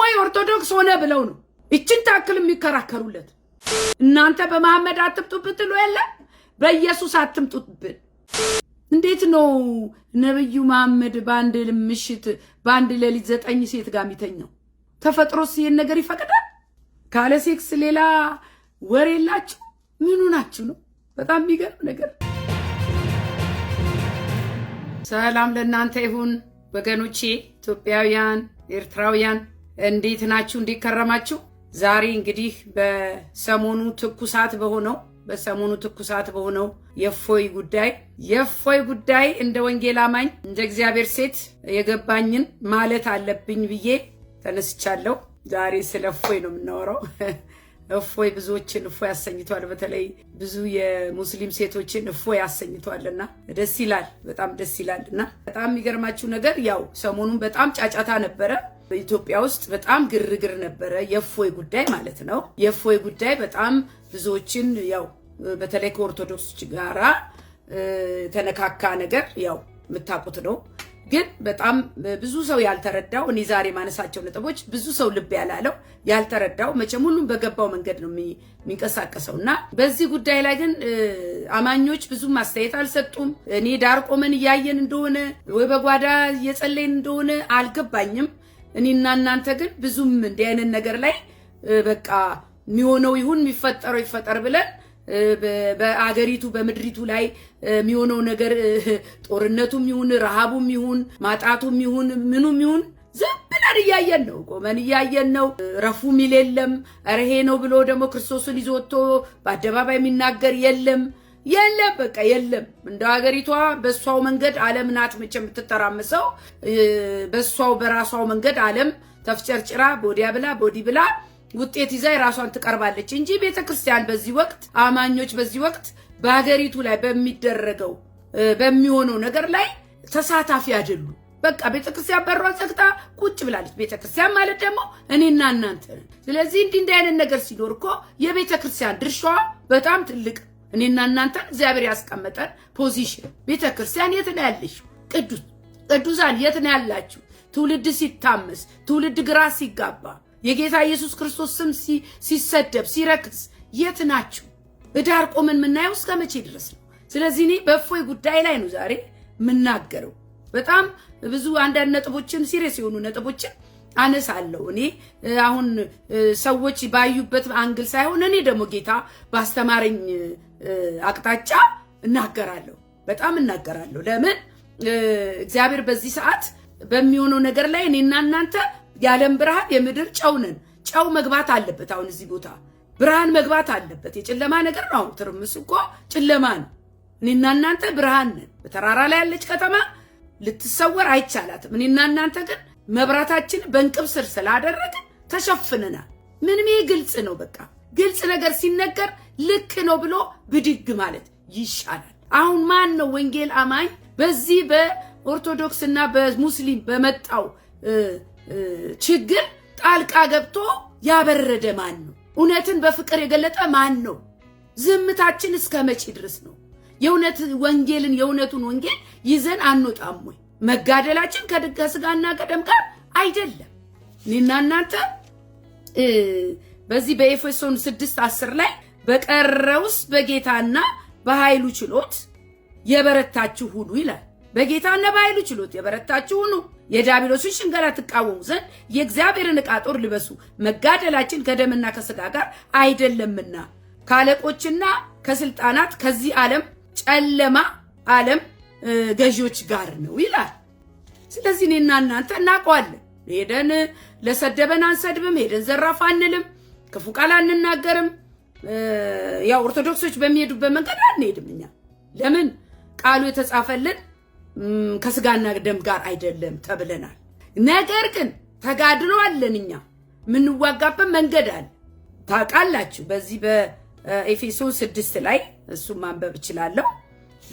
እፎይ ኦርቶዶክስ ሆነ ብለው ነው ይችን ታክል የሚከራከሩለት። እናንተ በመሐመድ አትምጡብን ትሉ የለ በኢየሱስ አትምጡብን። እንዴት ነው ነብዩ መሐመድ በአንድ ምሽት በአንድ ሌሊት ዘጠኝ ሴት ጋር የሚተኛው? ተፈጥሮስ ይህን ነገር ይፈቅዳል? ካለ ሴክስ ሌላ ወሬ የላችሁ? ምኑ ናችሁ ነው? በጣም የሚገርም ነገር። ሰላም ለእናንተ ይሁን ወገኖቼ፣ ኢትዮጵያውያን ኤርትራውያን እንዴት ናችሁ? እንዴት ከረማችሁ? ዛሬ እንግዲህ በሰሞኑ ትኩሳት በሆነው በሰሞኑ ትኩሳት በሆነው የእፎይ ጉዳይ የእፎይ ጉዳይ እንደ ወንጌል አማኝ እንደ እግዚአብሔር ሴት የገባኝን ማለት አለብኝ ብዬ ተነስቻለሁ። ዛሬ ስለ እፎይ ነው የምናወራው። እፎይ ብዙዎችን እፎይ አሰኝቷል። በተለይ ብዙ የሙስሊም ሴቶችን እፎይ አሰኝቷልና ደስ ይላል፣ በጣም ደስ እና በጣም የሚገርማችሁ ነገር ያው ሰሞኑን በጣም ጫጫታ ነበረ በኢትዮጵያ ውስጥ በጣም ግርግር ነበረ። የእፎይ ጉዳይ ማለት ነው። የእፎይ ጉዳይ በጣም ብዙዎችን ያው በተለይ ከኦርቶዶክስ ጋራ ተነካካ ነገር ያው የምታውቁት ነው። ግን በጣም ብዙ ሰው ያልተረዳው እኔ ዛሬ ማነሳቸው ነጥቦች ብዙ ሰው ልብ ያላለው ያልተረዳው፣ መቼም ሁሉም በገባው መንገድ ነው የሚንቀሳቀሰው እና በዚህ ጉዳይ ላይ ግን አማኞች ብዙም አስተያየት አልሰጡም። እኔ ዳር ቆመን እያየን እንደሆነ ወይ በጓዳ እየጸለይን እንደሆነ አልገባኝም። እኔና እናንተ ግን ብዙም እንዲህ አይነት ነገር ላይ በቃ የሚሆነው ይሁን የሚፈጠረው ይፈጠር ብለን በአገሪቱ በምድሪቱ ላይ የሚሆነው ነገር ጦርነቱም ይሁን ረሃቡም ይሁን ማጣቱም ይሁን ምኑም ይሁን ዝም ብለን እያየን ነው፣ ቆመን እያየን ነው። ረፉ የሚል የለም። ኧረ ነው ብሎ ደግሞ ክርስቶስን ይዞ ወጥቶ በአደባባይ የሚናገር የለም። የለም በቃ የለም። እንደ ሀገሪቷ በእሷው መንገድ ዓለም ናት መቼ የምትተራምሰው በእሷው በራሷው መንገድ ዓለም ተፍጨርጭራ ቦዲያ ብላ ቦዲ ብላ ውጤት ይዛ የራሷን ትቀርባለች እንጂ ቤተ ክርስቲያን በዚህ ወቅት አማኞች በዚህ ወቅት በሀገሪቱ ላይ በሚደረገው በሚሆነው ነገር ላይ ተሳታፊ አይደሉ። በቃ ቤተክርስቲያን በሯን ዘግታ ቁጭ ብላለች። ቤተክርስቲያን ማለት ደግሞ እኔና እናንተ። ስለዚህ እንዲህ እንዲህ አይነት ነገር ሲኖር እኮ የቤተክርስቲያን ድርሻዋ በጣም ትልቅ እኔና እናንተን እግዚአብሔር ያስቀመጠን ፖዚሽን ቤተ ክርስቲያን የት ነው ያለሽ? ቅዱስ ቅዱሳን የት ነው ያላችሁ? ትውልድ ሲታመስ፣ ትውልድ ግራ ሲጋባ፣ የጌታ ኢየሱስ ክርስቶስ ስም ሲሰደብ፣ ሲረክስ የት ናችሁ? እዳር ቆመን የምናየው እስከ መቼ ድረስ ነው? ስለዚህ እኔ በእፎይ ጉዳይ ላይ ነው ዛሬ የምናገረው። በጣም ብዙ አንዳንድ ነጥቦችን ሲሬስ የሆኑ ነጥቦችን አነሳለሁ እኔ አሁን ሰዎች ባዩበት አንግል ሳይሆን እኔ ደግሞ ጌታ ባስተማረኝ አቅጣጫ እናገራለሁ፣ በጣም እናገራለሁ። ለምን እግዚአብሔር በዚህ ሰዓት በሚሆነው ነገር ላይ እኔና እናንተ የዓለም ብርሃን የምድር ጨው ነን። ጨው መግባት አለበት። አሁን እዚህ ቦታ ብርሃን መግባት አለበት። የጨለማ ነገር ነው። አሁን ትርምስ እኮ ጨለማ ነው። እኔና እናንተ ብርሃን ነን። በተራራ ላይ ያለች ከተማ ልትሰወር አይቻላትም። እኔና እናንተ ግን መብራታችን በእንቅብ ስር ስላደረግን ተሸፍነናል። ምንም ግልጽ ነው። በቃ ግልጽ ነገር ሲነገር ልክ ነው ብሎ ብድግ ማለት ይሻላል። አሁን ማን ነው ወንጌል አማኝ በዚህ በኦርቶዶክስ እና በሙስሊም በመጣው ችግር ጣልቃ ገብቶ ያበረደ ማን ነው? እውነትን በፍቅር የገለጠ ማን ነው? ዝምታችን እስከ መቼ ድረስ ነው? የእውነት ወንጌልን የእውነቱን ወንጌል ይዘን አንወጣም ወይ? መጋደላችን ከስጋና ከደም ጋር አይደለም። እኔና እናንተ በዚህ በኤፌሶን ስድስት አስር ላይ በቀረውስ በጌታና በኃይሉ ችሎት የበረታችሁ ሁኑ ይላል። በጌታና በኃይሉ ችሎት የበረታችሁ ሁኑ፣ የዲያብሎስን ሽንገላ ትቃወሙ ዘንድ የእግዚአብሔርን ዕቃ ጦር ልበሱ፣ መጋደላችን ከደምና ከስጋ ጋር አይደለምና ከአለቆችና ከስልጣናት ከዚህ ዓለም ጨለማ ዓለም ገዢዎች ጋር ነው ይላል። ስለዚህ እኔና እናንተ እናውቀዋለን። ሄደን ለሰደበን አንሰድብም። ሄደን ዘራፍ አንልም። ክፉ ቃል አንናገርም። ያው ኦርቶዶክሶች በሚሄዱበት መንገድ አንሄድም። እኛ ለምን ቃሉ የተጻፈልን ከስጋና ደም ጋር አይደለም ተብለናል። ነገር ግን ተጋድሎ አለን። እኛ የምንዋጋበት መንገድ አለ። ታውቃላችሁ በዚህ በኤፌሶን ስድስት ላይ እሱ ማንበብ እችላለሁ።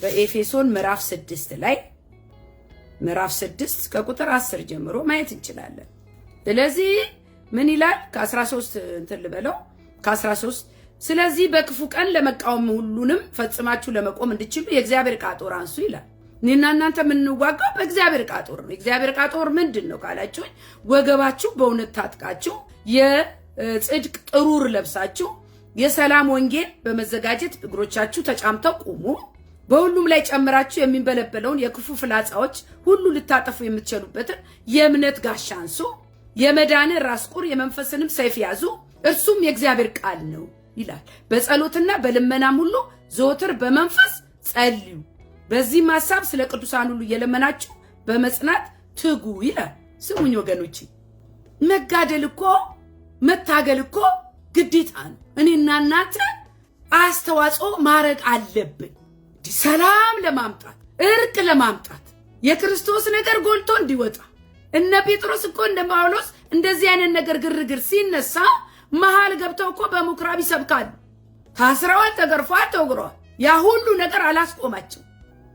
በኤፌሶን ምዕራፍ ስድስት ላይ ምዕራፍ ስድስት ከቁጥር አስር ጀምሮ ማየት እንችላለን። ስለዚህ ምን ይላል? ከ13 እንትን ልበለው ከ13 ስለዚህ በክፉ ቀን ለመቃወም ሁሉንም ፈጽማችሁ ለመቆም እንድችሉ የእግዚአብሔር ዕቃ ጦር አንሱ ይላል። እኔና እናንተ የምንዋጋው በእግዚአብሔር ዕቃ ጦር ነው። የእግዚአብሔር ዕቃ ጦር ምንድን ነው ካላችሁኝ፣ ወገባችሁ በእውነት ታጥቃችሁ፣ የጽድቅ ጥሩር ለብሳችሁ፣ የሰላም ወንጌል በመዘጋጀት እግሮቻችሁ ተጫምተው ቁሙ በሁሉም ላይ ጨምራችሁ የሚንበለበለውን የክፉ ፍላጻዎች ሁሉ ልታጠፉ የምትችሉበትን የእምነት ጋሻ አንሱ፣ የመዳንን ራስ ቁር፣ የመንፈስንም ሰይፍ ያዙ፣ እርሱም የእግዚአብሔር ቃል ነው ይላል። በጸሎትና በልመናም ሁሉ ዘወትር በመንፈስ ጸልዩ፣ በዚህም ሀሳብ ስለ ቅዱሳን ሁሉ እየለመናችሁ በመጽናት ትጉ ይላል። ስሙኝ ወገኖች መጋደል እኮ መታገል እኮ ግዴታ ነው። እኔና እናንተ አስተዋጽኦ ማድረግ አለብን። ሰላም ለማምጣት እርቅ ለማምጣት የክርስቶስ ነገር ጎልቶ እንዲወጣ እነ ጴጥሮስ እኮ እንደ ጳውሎስ እንደዚህ አይነት ነገር ግርግር ሲነሳ መሀል ገብተው እኮ በምኩራብ ይሰብካሉ። ታስረዋል፣ ተገርፏል፣ ተወግረዋል። ያ ሁሉ ነገር አላስቆማቸው።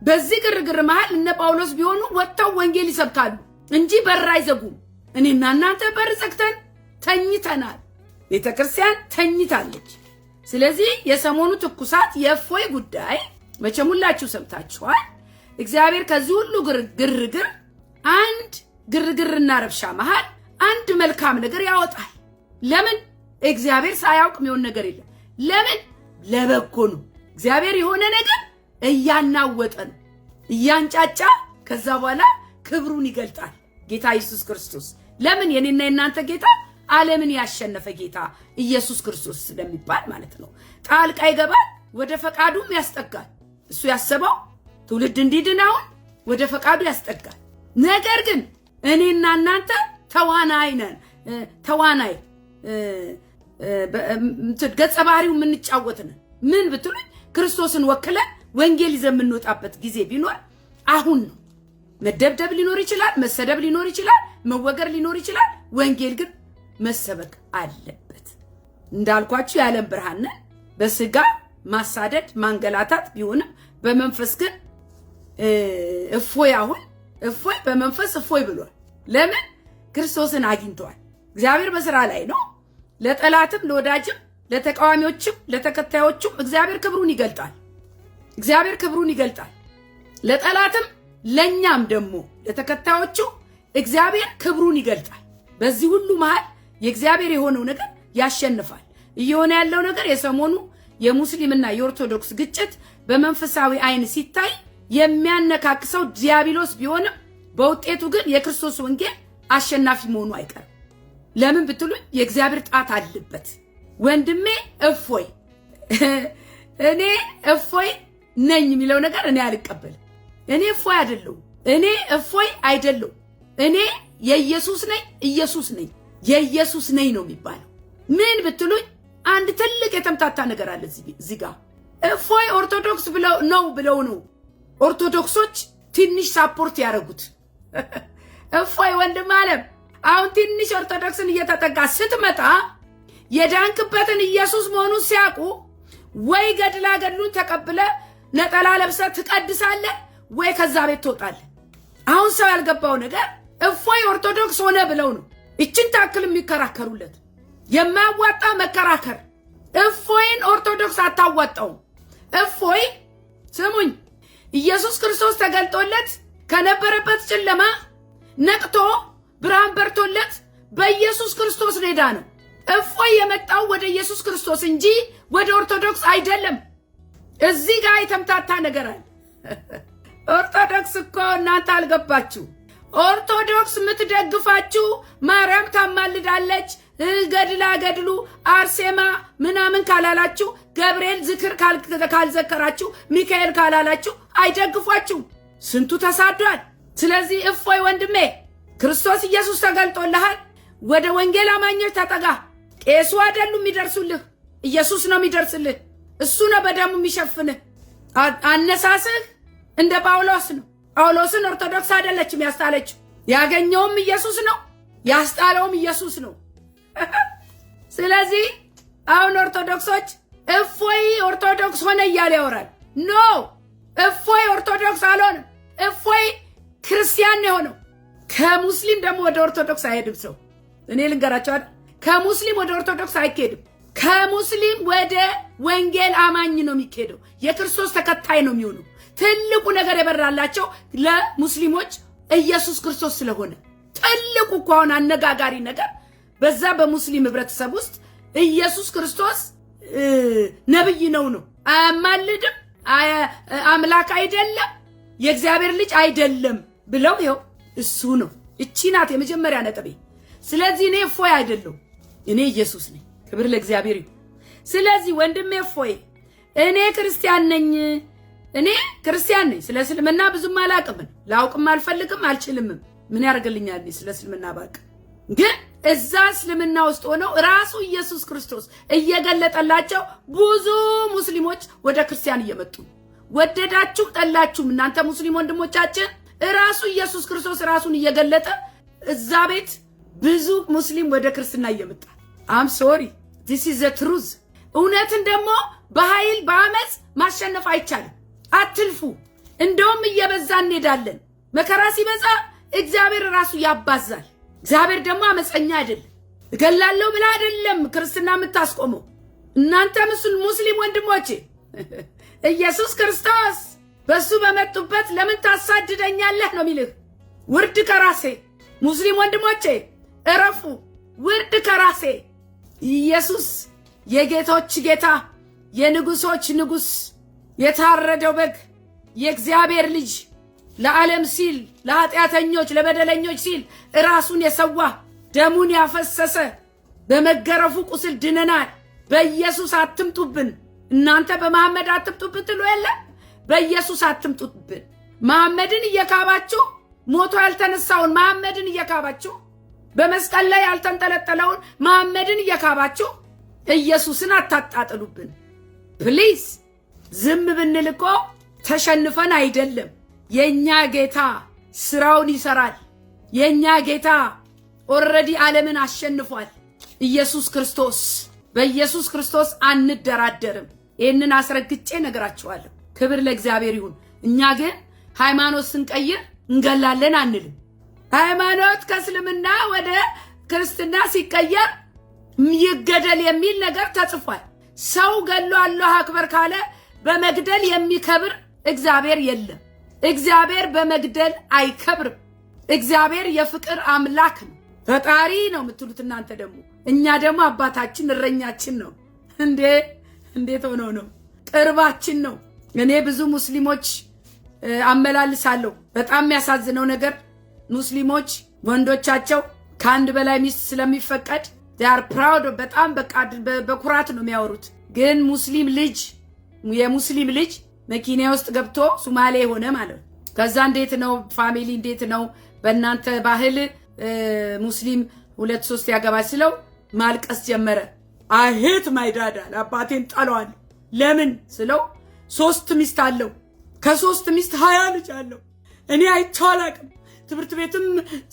በዚህ ግርግር መሀል እነ ጳውሎስ ቢሆኑ ወጥተው ወንጌል ይሰብካሉ እንጂ በር አይዘጉም። እኔና እናንተ በር ዘግተን ተኝተናል። ቤተ ክርስቲያን ተኝታለች። ስለዚህ የሰሞኑ ትኩሳት የእፎይ ጉዳይ መቼም ሁላችሁ ሰምታችኋል። እግዚአብሔር ከዚህ ሁሉ ግርግር አንድ ግርግርና ረብሻ መሃል አንድ መልካም ነገር ያወጣል። ለምን? እግዚአብሔር ሳያውቅ የሚሆን ነገር የለም። ለምን? ለበጎ ነው። እግዚአብሔር የሆነ ነገር እያናወጠ ነው፣ እያንጫጫ ከዛ በኋላ ክብሩን ይገልጣል። ጌታ ኢየሱስ ክርስቶስ ለምን? የኔና የናንተ ጌታ ዓለምን ያሸነፈ ጌታ ኢየሱስ ክርስቶስ ስለሚባል ማለት ነው። ጣልቃ ይገባል፣ ወደ ፈቃዱም ያስጠጋል። እሱ ያሰበው ትውልድ እንዲድን አሁን ወደ ፈቃዱ ያስጠጋል። ነገር ግን እኔና እናንተ ተዋናይ ነን። ተዋናይ ገጸ ባህሪው የምንጫወት ነን። ምን ብትሉኝ ክርስቶስን ወክለን ወንጌል ይዘን የምንወጣበት ጊዜ ቢኖር አሁን ነው። መደብደብ ሊኖር ይችላል፣ መሰደብ ሊኖር ይችላል፣ መወገር ሊኖር ይችላል። ወንጌል ግን መሰበክ አለበት። እንዳልኳችሁ የዓለም ብርሃን ነን። በስጋ ማሳደድ ማንገላታት ቢሆንም በመንፈስ ግን እፎይ አሁን እፎይ በመንፈስ እፎይ ብሏል። ለምን ክርስቶስን አግኝተዋል። እግዚአብሔር በስራ ላይ ነው። ለጠላትም ለወዳጅም ለተቃዋሚዎችም ለተከታዮቹም እግዚአብሔር ክብሩን ይገልጣል። እግዚአብሔር ክብሩን ይገልጣል። ለጠላትም ለእኛም ደግሞ ለተከታዮቹ እግዚአብሔር ክብሩን ይገልጣል። በዚህ ሁሉ መሃል የእግዚአብሔር የሆነው ነገር ያሸንፋል። እየሆነ ያለው ነገር የሰሞኑ የሙስሊምና የኦርቶዶክስ ግጭት በመንፈሳዊ አይን ሲታይ የሚያነካክሰው ዲያብሎስ ቢሆንም በውጤቱ ግን የክርስቶስ ወንጌል አሸናፊ መሆኑ አይቀርም። ለምን ብትሉኝ የእግዚአብሔር ጣት አለበት። ወንድሜ እፎይ እኔ እፎይ ነኝ የሚለው ነገር እኔ አልቀበልም። እኔ እፎይ አይደለሁ፣ እኔ እፎይ አይደለሁ። እኔ የኢየሱስ ነኝ፣ ኢየሱስ ነኝ፣ የኢየሱስ ነኝ ነው የሚባለው። ምን ብትሉኝ አንድ ትልቅ የተምታታ ነገር አለ እዚህ ጋር። እፎይ ኦርቶዶክስ ብለው ነው ብለው ነው ኦርቶዶክሶች ትንሽ ሳፖርት ያደረጉት። እፎይ ወንድም አለም አሁን ትንሽ ኦርቶዶክስን እየተጠጋ ስትመጣ የዳንክበትን ኢየሱስ መሆኑን ሲያውቁ ወይ ገድላ ገድሉን ተቀብለ ነጠላ ለብሰ ትቀድሳለ ወይ ከዛ ቤት ትወጣለ። አሁን ሰው ያልገባው ነገር እፎይ ኦርቶዶክስ ሆነ ብለው ነው ይችን ታክል የሚከራከሩለት። የማያዋጣ መከራከር። እፎይን ኦርቶዶክስ አታዋጣውም። እፎይ ስሙኝ፣ ኢየሱስ ክርስቶስ ተገልጦለት ከነበረበት ጨለማ ነቅቶ ብርሃን በርቶለት በኢየሱስ ክርስቶስ ኔዳ ነው። እፎይ የመጣው ወደ ኢየሱስ ክርስቶስ እንጂ ወደ ኦርቶዶክስ አይደለም። እዚህ ጋር የተምታታ ነገር አለ። ኦርቶዶክስ እኮ እናንተ አልገባችሁ። ኦርቶዶክስ የምትደግፋችሁ ማርያም ታማልዳለች ገድላ ገድሉ አርሴማ ምናምን ካላላችሁ፣ ገብርኤል ዝክር ካልዘከራችሁ፣ ሚካኤል ካላላችሁ አይደግፏችሁም። ስንቱ ተሳዷል። ስለዚህ እፎይ ወንድሜ ክርስቶስ ኢየሱስ ተገልጦልሃል። ወደ ወንጌል አማኞች ተጠጋ። ቄሱ አይደሉም የሚደርሱልህ፣ ኢየሱስ ነው የሚደርስልህ። እሱ ነው በደሙ የሚሸፍንህ። አነሳስህ እንደ ጳውሎስ ነው። ጳውሎስን ኦርቶዶክስ አይደለችም ያስጣለችው። ያገኘውም ኢየሱስ ነው፣ ያስጣለውም ኢየሱስ ነው። ስለዚህ አሁን ኦርቶዶክሶች እፎይ ኦርቶዶክስ ሆነ እያለ ያወራል። ኖ እፎይ ኦርቶዶክስ አልሆንም። እፎይ ክርስቲያን የሆነው ከሙስሊም ደግሞ ወደ ኦርቶዶክስ አይሄድም። ሰው እኔ ልንገራቸው፣ ከሙስሊም ወደ ኦርቶዶክስ አይካሄድም። ከሙስሊም ወደ ወንጌል አማኝ ነው የሚካሄደው። የክርስቶስ ተከታይ ነው የሚሆነው። ትልቁ ነገር የበራላቸው ለሙስሊሞች ኢየሱስ ክርስቶስ ስለሆነ ትልቁ እኮ አሁን አነጋጋሪ ነገር በዛ በሙስሊም ህብረተሰብ ውስጥ ኢየሱስ ክርስቶስ ነብይ ነው ነው አያማልድም፣ አምላክ አይደለም፣ የእግዚአብሔር ልጅ አይደለም ብለው ይኸው እሱ ነው። እቺ ናት የመጀመሪያ ነጥቤ። ስለዚህ እኔ እፎይ አይደለሁ፣ እኔ ኢየሱስ ነኝ። ክብር ለእግዚአብሔር ይሁን። ስለዚህ ወንድሜ እፎይ፣ እኔ ክርስቲያን ነኝ፣ እኔ ክርስቲያን ነኝ። ስለ እስልምና ብዙም አላቅምን፣ ላውቅም አልፈልግም፣ አልችልምም። ምን ያደርግልኛል ስለ እስልምና ባቅ ግን እዛ እስልምና ውስጥ ሆነው ራሱ ኢየሱስ ክርስቶስ እየገለጠላቸው ብዙ ሙስሊሞች ወደ ክርስቲያን እየመጡ ወደዳችሁ ጠላችሁም እናንተ ሙስሊም ወንድሞቻችን ራሱ ኢየሱስ ክርስቶስ ራሱን እየገለጠ እዛ ቤት ብዙ ሙስሊም ወደ ክርስትና እየመጣ አም ሶሪ ዚስ ኢዝ ትሩዝ። እውነትን ደግሞ በኃይል በአመፅ ማሸነፍ አይቻልም። አትልፉ። እንደውም እየበዛ እንሄዳለን። መከራ ሲበዛ እግዚአብሔር ራሱ ያባዛል። እግዚአብሔር ደግሞ አመፀኛ አይደል፣ እገላለሁ ብላ አይደለም ክርስትና የምታስቆመው። እናንተ ሙስሊም ወንድሞቼ ኢየሱስ ክርስቶስ በእሱ በመጡበት ለምን ታሳድደኛለህ ነው የሚልህ። ውርድ ከራሴ ሙስሊም ወንድሞቼ እረፉ። ውርድ ከራሴ ኢየሱስ የጌቶች ጌታ፣ የንጉሶች ንጉስ የታረደው በግ፣ የእግዚአብሔር ልጅ ለዓለም ሲል ለኃጢአተኞች ለበደለኞች ሲል ራሱን የሰዋ ደሙን ያፈሰሰ በመገረፉ ቁስል ድነናል። በኢየሱስ አትምጡብን፣ እናንተ በመሐመድ አትምጡብን ትሉ የለ በኢየሱስ አትምጡብን። መሐመድን እየካባችሁ ሞቶ ያልተነሳውን መሐመድን እየካባችሁ በመስቀል ላይ ያልተንጠለጠለውን መሐመድን እየካባችሁ ኢየሱስን አታጣጥሉብን ፕሊዝ። ዝም ብንል እኮ ተሸንፈን አይደለም የእኛ ጌታ ስራውን ይሰራል። የእኛ ጌታ ኦልሬዲ ዓለምን አሸንፏል። ኢየሱስ ክርስቶስ በኢየሱስ ክርስቶስ አንደራደርም። ይህንን አስረግጬ ነግራችኋለሁ። ክብር ለእግዚአብሔር ይሁን። እኛ ግን ሃይማኖት ስንቀይር እንገላለን አንልም። ሃይማኖት ከእስልምና ወደ ክርስትና ሲቀየር ይገደል የሚል ነገር ተጽፏል። ሰው ገሎ አላህ አክበር ካለ በመግደል የሚከብር እግዚአብሔር የለም። እግዚአብሔር በመግደል አይከብርም። እግዚአብሔር የፍቅር አምላክ ነው፣ ፈጣሪ ነው የምትሉት እናንተ ደግሞ እኛ ደግሞ አባታችን እረኛችን ነው። እንዴ እንዴት ሆኖ ነው? ቅርባችን ነው። እኔ ብዙ ሙስሊሞች አመላልሳለሁ። በጣም የሚያሳዝነው ነገር ሙስሊሞች ወንዶቻቸው ከአንድ በላይ ሚስት ስለሚፈቀድ ዚያር ፕራውድ በጣም በኩራት ነው የሚያወሩት። ግን ሙስሊም ልጅ የሙስሊም ልጅ መኪና ውስጥ ገብቶ ሱማሌ ሆነ ማለት ነው። ከዛ እንዴት ነው ፋሚሊ እንዴት ነው በእናንተ ባህል ሙስሊም ሁለት ሶስት ያገባ ስለው ማልቀስ ጀመረ። አሄት ማይዳዳል አባቴን ጠለዋል። ለምን ስለው ሶስት ሚስት አለው ከሶስት ሚስት ሀያ ልጅ አለው። እኔ አይቼው አላቅም። ትምህርት ቤትም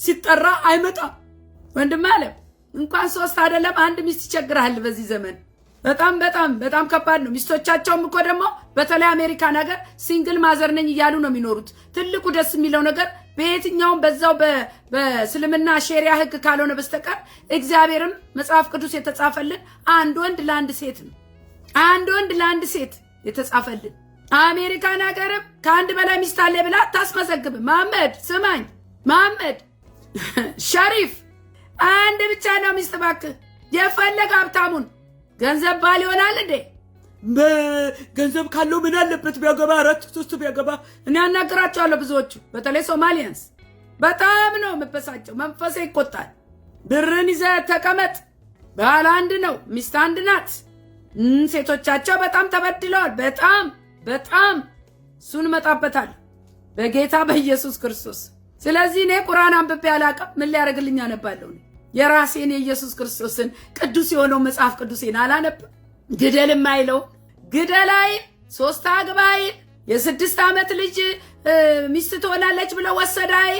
ሲጠራ አይመጣም። ወንድም አለ እንኳን ሶስት አይደለም አንድ ሚስት ይቸግራል በዚህ ዘመን በጣም በጣም በጣም ከባድ ነው። ሚስቶቻቸውም እኮ ደግሞ በተለይ አሜሪካ ሀገር ሲንግል ማዘር ነኝ እያሉ ነው የሚኖሩት። ትልቁ ደስ የሚለው ነገር በየትኛውም በዛው በእስልምና ሼሪያ ሕግ ካልሆነ በስተቀር እግዚአብሔርም መጽሐፍ ቅዱስ የተጻፈልን አንድ ወንድ ለአንድ ሴት ነው። አንድ ወንድ ለአንድ ሴት የተጻፈልን። አሜሪካ ሀገርም ከአንድ በላይ ሚስት አለ ብላ ታስመዘግብ። መሐመድ ስማኝ፣ መሐመድ ሸሪፍ አንድ ብቻ ነው ሚስት እባክህ፣ የፈለገ ሀብታሙን ገንዘብ ባል ይሆናል እንዴ? ገንዘብ ካለው ምን አለበት ቢያገባ፣ አራት ሶስት ቢያገባ። እኔ ያናግራቸዋለሁ ብዙዎቹ፣ በተለይ ሶማሊያንስ በጣም ነው የምበሳቸው። መንፈሴ ይቆጣል። ብርን ይዘ ተቀመጥ። ባል አንድ ነው፣ ሚስት አንድ ናት። ሴቶቻቸው በጣም ተበድለዋል። በጣም በጣም እሱን መጣበታል በጌታ በኢየሱስ ክርስቶስ። ስለዚህ እኔ ቁርአን አንብቤ አላውቅም። ምን ሊያደርግልኝ አነባለሁ? የራሴን የኢየሱስ ክርስቶስን ቅዱስ የሆነው መጽሐፍ ቅዱሴን አላነብ ግደል የማይለው ግደላይ ሶስት አግባይ የስድስት ዓመት ልጅ ሚስት ትሆናለች ብለው ወሰዳይ።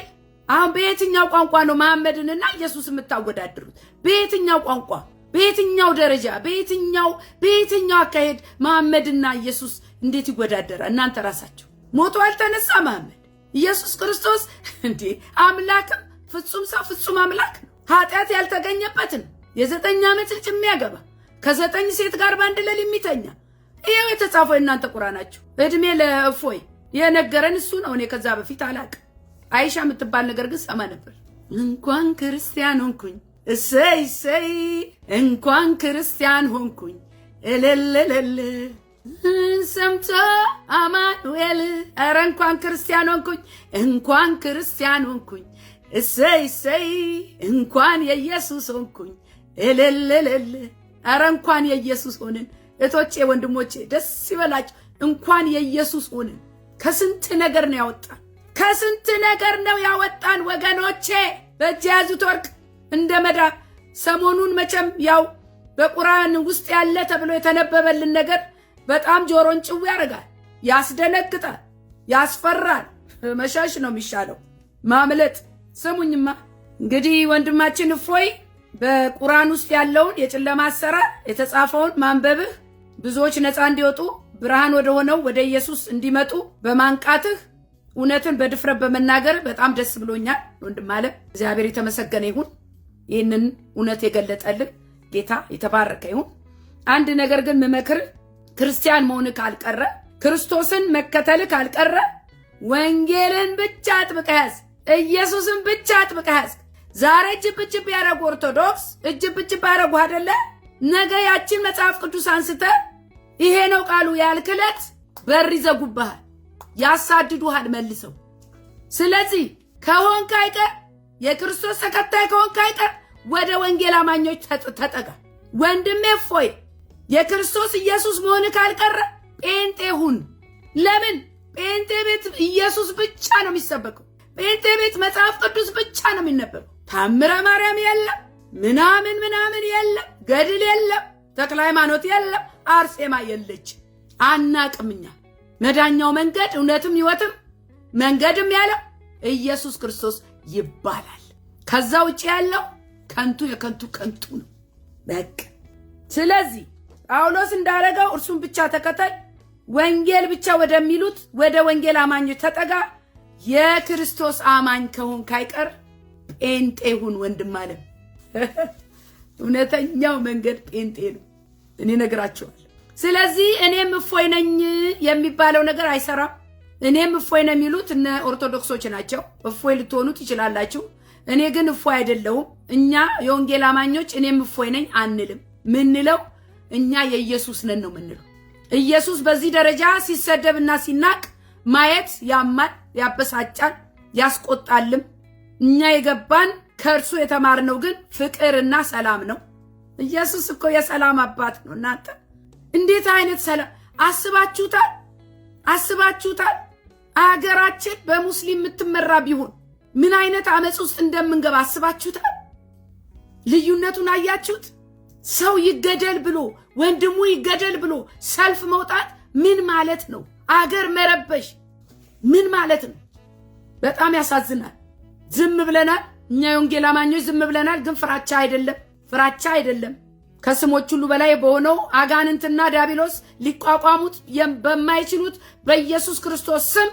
አሁን በየትኛው ቋንቋ ነው መሐመድንና ኢየሱስ የምታወዳድሩት? በየትኛው ቋንቋ፣ በየትኛው ደረጃ፣ በየትኛው በየትኛው አካሄድ መሐመድና ኢየሱስ እንዴት ይወዳደራ? እናንተ ራሳቸው ሞቶ አልተነሳ መሐመድ ኢየሱስ ክርስቶስ እንዴ አምላክም ፍጹም ሰው ፍጹም አምላክ ኃጢአት ያልተገኘበትን የዘጠኝ ዓመት ልጅ የሚያገባ ከዘጠኝ ሴት ጋር በአንድ ሌሊት የሚተኛ ይኸው የተጻፈው የእናንተ ቁራ ናቸው። እድሜ ለእፎይ የነገረን እሱ ነው። እኔ ከዛ በፊት አላቅም። አይሻ የምትባል ነገር ግን ሰማ ነበር። እንኳን ክርስቲያን ሆንኩኝ እሰይ እሰይ፣ እንኳን ክርስቲያን ሆንኩኝ እልልልል ሰምቶ አማኑኤል። ኧረ እንኳን ክርስቲያን ሆንኩኝ፣ እንኳን ክርስቲያን ሆንኩኝ እሰይ እሰይ እንኳን የኢየሱስ ሆንኩኝ እልልልል አረ እንኳን የኢየሱስ ሆንን። እቶቼ ወንድሞቼ ደስ ይበላችሁ። እንኳን የኢየሱስ ሆንን። ከስንት ነገር ነው ያወጣን፣ ከስንት ነገር ነው ያወጣን ወገኖቼ። በእጅ የያዙት ወርቅ እንደ መዳብ። ሰሞኑን መቼም ያው በቁርአን ውስጥ ያለ ተብሎ የተነበበልን ነገር በጣም ጆሮን ጭው ያደርጋል፣ ያስደነግጣል፣ ያስፈራል። መሸሽ ነው የሚሻለው ማምለጥ ስሙኝማ እንግዲህ ወንድማችን እፎይ በቁርአን ውስጥ ያለውን የጨለማ አሰራር የተጻፈውን ማንበብህ ብዙዎች ነፃ እንዲወጡ ብርሃን ወደ ሆነው ወደ ኢየሱስ እንዲመጡ በማንቃትህ እውነትን በድፍረት በመናገር በጣም ደስ ብሎኛል ወንድም አለ። እግዚአብሔር የተመሰገነ ይሁን። ይህንን እውነት የገለጠልን ጌታ የተባረከ ይሁን። አንድ ነገር ግን ምመክር ክርስቲያን መሆን ካልቀረ፣ ክርስቶስን መከተልህ ካልቀረ ወንጌልን ብቻ አጥብቀህ ያዝ። ኢየሱስን ብቻ አጥብቀህ ያዝ። ዛሬ ጭብጭብ ያደረጉ ኦርቶዶክስ እጅብጭብ ያደረጉ አይደለ? ነገ ያችን መጽሐፍ ቅዱስ አንስተ ይሄ ነው ቃሉ ያልክለት በር ይዘጉብሃል፣ ያሳድዱሃል መልሰው። ስለዚህ ከሆንክ አይቀር የክርስቶስ ተከታይ ከሆንክ አይቀር ወደ ወንጌል አማኞች ተጠጋ። ወንድሜ ፎይ የክርስቶስ ኢየሱስ መሆን ካልቀረ ጴንጤ ሁን። ለምን ጴንጤ ቤት ኢየሱስ ብቻ ነው የሚሰበከው። ቤቴ ቤት መጽሐፍ ቅዱስ ብቻ ነው የሚነበበው። ታምረ ማርያም የለም፣ ምናምን ምናምን የለም፣ ገድል የለም፣ ተክለ ሃይማኖት የለም፣ አርሴማ የለች። አናቅምኛ መዳኛው መንገድ እውነትም ህይወትም መንገድም ያለው ኢየሱስ ክርስቶስ ይባላል። ከዛ ውጭ ያለው ከንቱ የከንቱ ከንቱ ነው በቃ። ስለዚህ ጳውሎስ እንዳረገው እርሱን ብቻ ተከተል፣ ወንጌል ብቻ ወደሚሉት ወደ ወንጌል አማኞች ተጠጋ የክርስቶስ አማኝ ከሆን ካይቀር ጴንጤ ሁን ወንድም አለ። እውነተኛው መንገድ ጴንጤ ነው። እኔ ነግራቸዋል። ስለዚህ እኔም እፎይ ነኝ የሚባለው ነገር አይሰራም። እኔም እፎይ ነው የሚሉት እነ ኦርቶዶክሶች ናቸው። እፎይ ልትሆኑ ትችላላችሁ። እኔ ግን እፎይ አይደለሁም። እኛ የወንጌል አማኞች እኔም እፎይ ነኝ አንልም። ምንለው እኛ የኢየሱስ ነን ነው ምንለው። ኢየሱስ በዚህ ደረጃ ሲሰደብና ሲናቅ ማየት ያማል። ያበሳጫል፣ ያስቆጣልም። እኛ የገባን ከእርሱ የተማርነው ግን ፍቅርና ሰላም ነው። ኢየሱስ እኮ የሰላም አባት ነው። እናንተ እንዴት አይነት ሰላም አስባችሁታል? አስባችሁታል? አገራችን በሙስሊም የምትመራ ቢሆን ምን አይነት አመፅ ውስጥ እንደምንገባ አስባችሁታል? ልዩነቱን አያችሁት? ሰው ይገደል ብሎ ወንድሙ ይገደል ብሎ ሰልፍ መውጣት ምን ማለት ነው? አገር መረበሽ ምን ማለት ነው? በጣም ያሳዝናል። ዝም ብለናል። እኛ የወንጌል አማኞች ዝም ብለናል። ግን ፍራቻ አይደለም፣ ፍራቻ አይደለም። ከስሞች ሁሉ በላይ በሆነው አጋንንትና ዲያብሎስ ሊቋቋሙት በማይችሉት በኢየሱስ ክርስቶስ ስም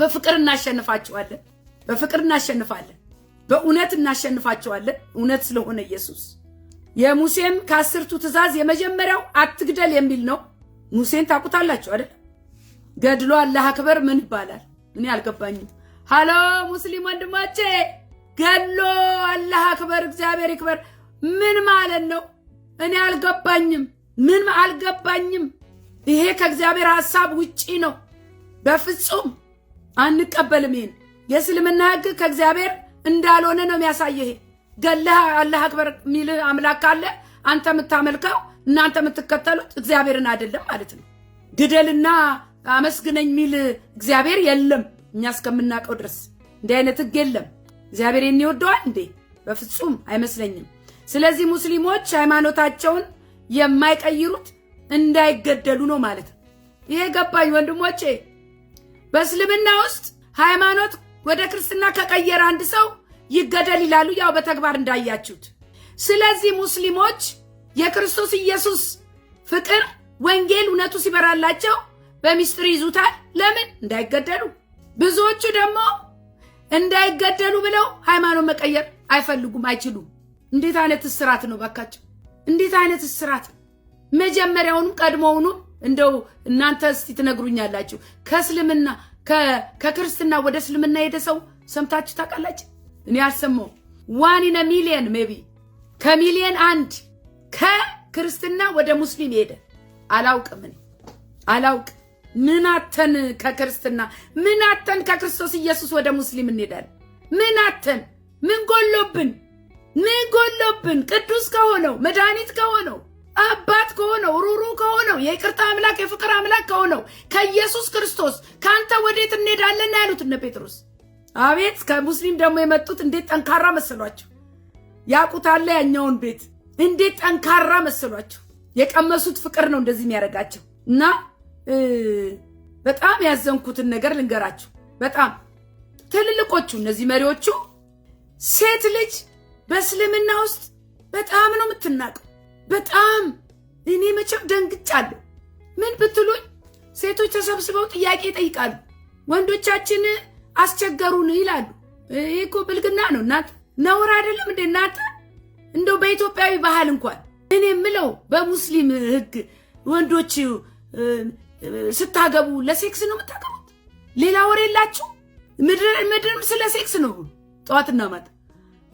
በፍቅር እናሸንፋቸዋለን። በፍቅር እናሸንፋለን። በእውነት እናሸንፋቸዋለን። እውነት ስለሆነ ኢየሱስ የሙሴም ከአስርቱ ትእዛዝ የመጀመሪያው አትግደል የሚል ነው። ሙሴን ታውቁታላችሁ አይደል? ገድሎ አላህ አክበር ምን ይባላል? እኔ አልገባኝም። ሃሎ ሙስሊም ወንድማቼ ገድሎ አላህ አክበር እግዚአብሔር ይክበር ምን ማለት ነው? እኔ አልገባኝም። ምን አልገባኝም። ይሄ ከእግዚአብሔር ሀሳብ ውጪ ነው። በፍጹም አንቀበልም። ይሄን የእስልምና ህግ ከእግዚአብሔር እንዳልሆነ ነው የሚያሳይ። ይሄ ገለህ አላህ አክበር የሚል አምላክ ካለ አንተ የምታመልከው እናንተ የምትከተሉት እግዚአብሔርን አይደለም ማለት ነው። ግደልና አመስግነኝ የሚል እግዚአብሔር የለም። እኛ እስከምናውቀው ድረስ እንዲህ አይነት ህግ የለም። እግዚአብሔር ይህን ይወደዋል እንዴ? በፍጹም አይመስለኝም። ስለዚህ ሙስሊሞች ሃይማኖታቸውን የማይቀይሩት እንዳይገደሉ ነው ማለት ነው። ይሄ ገባኝ ወንድሞቼ። በእስልምና ውስጥ ሃይማኖት ወደ ክርስትና ከቀየረ አንድ ሰው ይገደል ይላሉ፣ ያው በተግባር እንዳያችሁት። ስለዚህ ሙስሊሞች የክርስቶስ ኢየሱስ ፍቅር፣ ወንጌል፣ እውነቱ ሲበራላቸው በሚስጥር ይዙታል። ለምን እንዳይገደሉ። ብዙዎቹ ደግሞ እንዳይገደሉ ብለው ሃይማኖት መቀየር አይፈልጉም፣ አይችሉም። እንዴት አይነት እስራት ነው ባካቸው! እንዴት አይነት እስራት! መጀመሪያውንም ቀድሞውኑም እንደው እናንተ እስቲ ትነግሩኛላችሁ ከእስልምና ከክርስትና ወደ እስልምና ሄደ ሰው ሰምታችሁ ታውቃላችሁ? እኔ አልሰማሁም። ዋን ኢን ሚሊየን ሜቢ ከሚሊየን አንድ ከክርስትና ወደ ሙስሊም ሄደ አላውቅም፣ እኔ አላውቅም። ምናተን ከክርስትና ምናተን ከክርስቶስ ኢየሱስ ወደ ሙስሊም እንሄዳለን? ምናተን ምን ጎሎብን? ምን ጎሎብን? ቅዱስ ከሆነው መድኃኒት ከሆነው አባት ከሆነው ሩሩ ከሆነው የይቅርታ አምላክ የፍቅር አምላክ ከሆነው ከኢየሱስ ክርስቶስ ከአንተ ወዴት እንሄዳለን ያሉት እነ ጴጥሮስ። አቤት ከሙስሊም ደግሞ የመጡት እንዴት ጠንካራ መሰሏቸው! ያቁታለ ያኛውን ቤት እንዴት ጠንካራ መስሏቸው! የቀመሱት ፍቅር ነው እንደዚህ የሚያደርጋቸው እና በጣም ያዘንኩትን ነገር ልንገራችሁ። በጣም ትልልቆቹ እነዚህ መሪዎቹ ሴት ልጅ በእስልምና ውስጥ በጣም ነው የምትናቀው። በጣም እኔ መቼም ደንግጫለሁ። ምን ብትሉኝ ሴቶች ተሰብስበው ጥያቄ ይጠይቃሉ። ወንዶቻችን አስቸገሩን ይላሉ። ይህ እኮ ብልግና ነው እናት ነውር አይደለም እንደ እናንተ እንደው በኢትዮጵያዊ ባህል እንኳን እኔ የምለው በሙስሊም ሕግ ወንዶች ስታገቡ ለሴክስ ነው የምታገቡት? ሌላ ወሬ የላችሁ? ምድርም ስለ ሴክስ ነው ጠዋትና ማታ።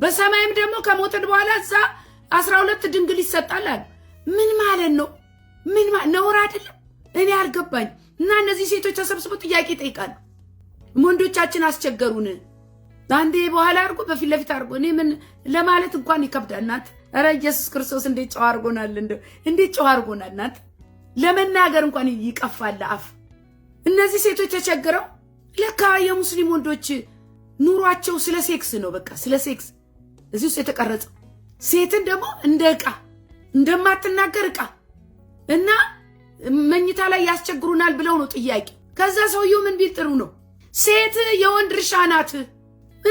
በሰማይም ደግሞ ከሞትን በኋላ እዛ አስራ ሁለት ድንግል ይሰጣል አሉ። ምን ማለት ነው? ምን ነውር አይደለም? እኔ አልገባኝ እና እነዚህ ሴቶች ተሰብስበው ጥያቄ ይጠይቃሉ። ወንዶቻችን አስቸገሩን። አንዴ በኋላ አድርጎ በፊት ለፊት አድርጎ እኔ ምን ለማለት እንኳን ይከብዳል። እናት ኧረ ኢየሱስ ክርስቶስ እንዴት ጨዋ አድርጎናል! እንዴት ጨዋ አድርጎናል እናት ለመናገር እንኳን ይቀፋል አፍ። እነዚህ ሴቶች ተቸግረው ለካ የሙስሊም ወንዶች ኑሯቸው ስለ ሴክስ ነው። በቃ ስለ ሴክስ እዚህ ውስጥ የተቀረጸው ሴትን ደግሞ እንደ እቃ እንደማትናገር እቃ እና መኝታ ላይ ያስቸግሩናል ብለው ነው ጥያቄ። ከዛ ሰውየው ምን ቢል ጥሩ ነው፣ ሴት የወንድ እርሻ ናት፣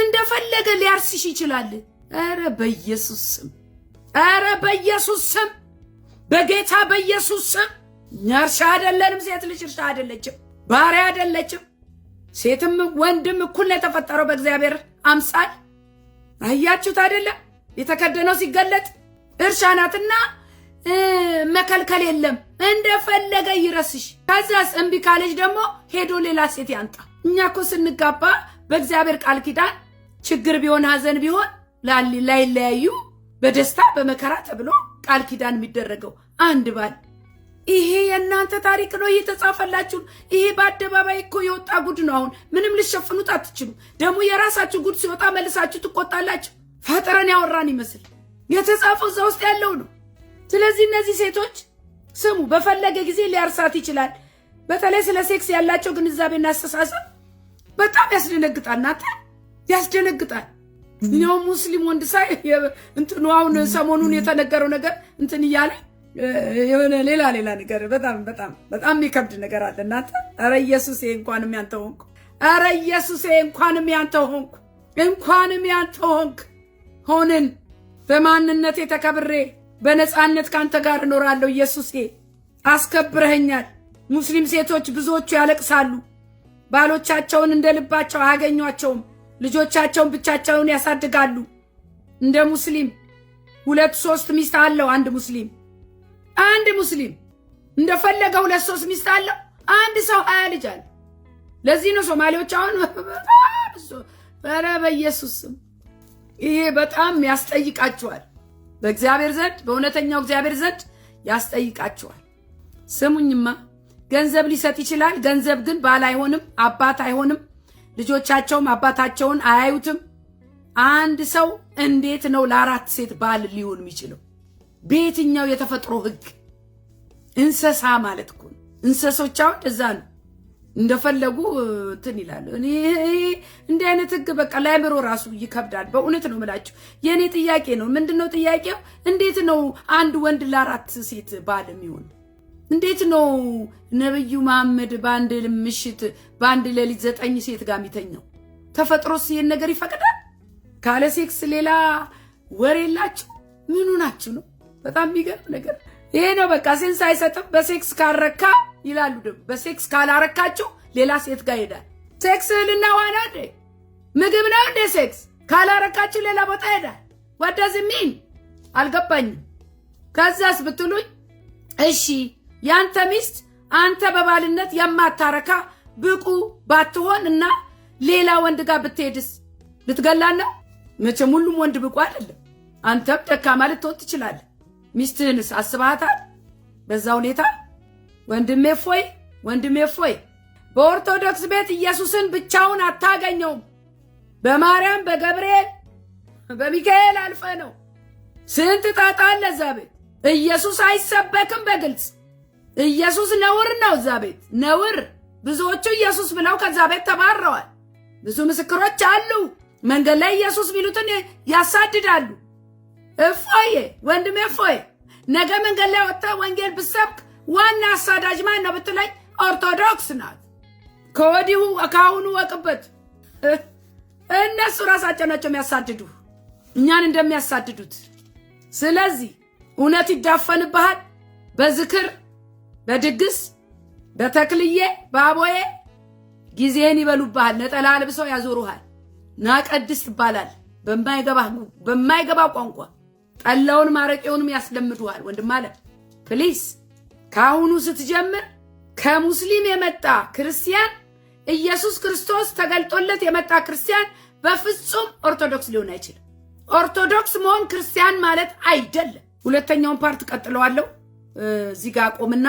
እንደፈለገ ሊያርስሽ ይችላል። ኧረ በኢየሱስ ስም ኧረ በኢየሱስ ስም በጌታ በኢየሱስ ስም እርሻ አይደለንም። ሴት ልጅ እርሻ አይደለችም፣ ባሪያ አይደለችም። ሴትም ወንድም እኩል ነው የተፈጠረው በእግዚአብሔር አምሳል። አያችሁት አይደለም? የተከደነው ሲገለጥ እርሻ ናትና መከልከል የለም። እንደፈለገ ይረስሽ። ከዛስ እምቢ ካለች ደግሞ ሄዶ ሌላ ሴት ያንጣ። እኛ እኮ ስንጋባ በእግዚአብሔር ቃል ኪዳን ችግር ቢሆን ሀዘን ቢሆን ላይለያዩ በደስታ በመከራ ተብሎ ቃል ኪዳን የሚደረገው አንድ ባል ይሄ የእናንተ ታሪክ ነው የተጻፈላችሁን። ይሄ በአደባባይ እኮ የወጣ ጉድ ነው። አሁን ምንም ልሸፍኑት አትችሉ። ደግሞ የራሳችሁ ጉድ ሲወጣ መልሳችሁ ትቆጣላችሁ። ፈጥረን ያወራን ይመስል የተጻፈው እዛ ውስጥ ያለው ነው። ስለዚህ እነዚህ ሴቶች ስሙ፣ በፈለገ ጊዜ ሊያርሳት ይችላል። በተለይ ስለ ሴክስ ያላቸው ግንዛቤና አስተሳሰብ በጣም ያስደነግጣል። እናንተ ያስደነግጣል። እኛውም ሙስሊም ወንድ ሳይ እንትኑ አሁን ሰሞኑን የተነገረው ነገር እንትን እያለ የሆነ ሌላ ሌላ ነገር በጣም በጣም በጣም የሚከብድ ነገር አለ እናንተ። ኧረ ኢየሱሴ እንኳንም ያንተ ሆንኩ። ኧረ ኢየሱሴ እንኳንም ያንተ ሆንኩ። እንኳንም ያንተ ሆንክ ሆንን። በማንነቴ ተከብሬ በነፃነት ከአንተ ጋር እኖራለሁ ኢየሱሴ። አስከብረኸኛል። ሙስሊም ሴቶች ብዙዎቹ ያለቅሳሉ። ባሎቻቸውን እንደ ልባቸው አያገኟቸውም። ልጆቻቸውን ብቻቸውን ያሳድጋሉ። እንደ ሙስሊም ሁለት ሶስት ሚስት አለው አንድ ሙስሊም አንድ ሙስሊም እንደፈለገ ሁለት ሶስት ሚስት አለው። አንድ ሰው ሀያ ልጅ አለ። ለዚህ ነው ሶማሌዎች አሁን ኧረ በኢየሱስ ስም ይሄ በጣም ያስጠይቃችኋል። በእግዚአብሔር ዘንድ በእውነተኛው እግዚአብሔር ዘንድ ያስጠይቃችኋል። ስሙኝማ ገንዘብ ሊሰጥ ይችላል። ገንዘብ ግን ባል አይሆንም፣ አባት አይሆንም። ልጆቻቸውም አባታቸውን አያዩትም። አንድ ሰው እንዴት ነው ለአራት ሴት ባል ሊሆን የሚችለው? በየትኛው የተፈጥሮ ህግ እንሰሳ ማለት እኮ እንሰሶች አሁን እዛ ነው እንደፈለጉ እንትን ይላሉ። እኔ እንዲህ አይነት ህግ በቃ ላይምሮ ራሱ ይከብዳል። በእውነት ነው የምላችሁ። የእኔ ጥያቄ ነው። ምንድን ነው ጥያቄው? እንዴት ነው አንድ ወንድ ለአራት ሴት ባል የሚሆን? እንዴት ነው ነብዩ መሐመድ በአንድ ምሽት በአንድ ሌሊት ዘጠኝ ሴት ጋር የሚተኘው? ተፈጥሮስ ይህን ነገር ይፈቅዳል? ካለ ሴክስ ሌላ ወሬ የላችሁ? ምኑ ናችሁ ነው በጣም የሚገርም ነገር ይሄ ነው። በቃ ሴንስ አይሰጥም። በሴክስ ካረካ ይላሉ ደግሞ በሴክስ ካላረካችሁ ሌላ ሴት ጋር ይሄዳል። ሴክስ እህልና ዋና እንዴ ምግብ ነው እንዴ? ሴክስ ካላረካችሁ ሌላ ቦታ ይሄዳል። ወደዚ ሚን አልገባኝም። ከዛስ ብትሉኝ እሺ ያንተ ሚስት አንተ በባልነት የማታረካ ብቁ ባትሆን እና ሌላ ወንድ ጋር ብትሄድስ ልትገላና? መቼም ሁሉም ወንድ ብቁ አይደለም። አንተም ደካማ ልትሆን ትችላለህ። ሚስትህንስ አስባታል በዛ ሁኔታ ወንድሜ ፎይ፣ ወንድሜ ፎይ። በኦርቶዶክስ ቤት ኢየሱስን ብቻውን አታገኘውም። በማርያም በገብርኤል በሚካኤል አልፈ ነው። ስንት ጣጣ አለ እዛ ቤት። ኢየሱስ አይሰበክም በግልጽ ኢየሱስ ነውር ነው እዛ ቤት ነውር። ብዙዎቹ ኢየሱስ ብለው ከዛ ቤት ተባረዋል። ብዙ ምስክሮች አሉ። መንገድ ላይ ኢየሱስ ሚሉትን ያሳድዳሉ። እፎዬ ወንድሜ እፎዬ፣ ነገ መንገድ ላይ ወጥተህ ወንጌል ብሰብክ ዋና አሳዳጅ ማን ነው ብትለኝ ኦርቶዶክስ ናት። ከወዲሁ ከአሁኑ ወቅበት እነሱ ራሳቸው ናቸው የሚያሳድዱ እኛን እንደሚያሳድዱት። ስለዚህ እውነት ይዳፈንብሃል በዝክር በድግስ በተክልዬ በአቦዬ ጊዜህን ይበሉብሃል። ነጠላ ልብሰው ያዞሩሃል። ናቀድስ ይባላል በማይገባ ቋንቋ ጠላውን ማረቄውንም ያስለምዱሃል። ወንድም አለ ፕሊስ፣ ከአሁኑ ስትጀምር ከሙስሊም የመጣ ክርስቲያን ኢየሱስ ክርስቶስ ተገልጦለት የመጣ ክርስቲያን በፍጹም ኦርቶዶክስ ሊሆን አይችልም። ኦርቶዶክስ መሆን ክርስቲያን ማለት አይደለም። ሁለተኛውን ፓርት ቀጥለዋለሁ። እዚህ ጋር አቆምና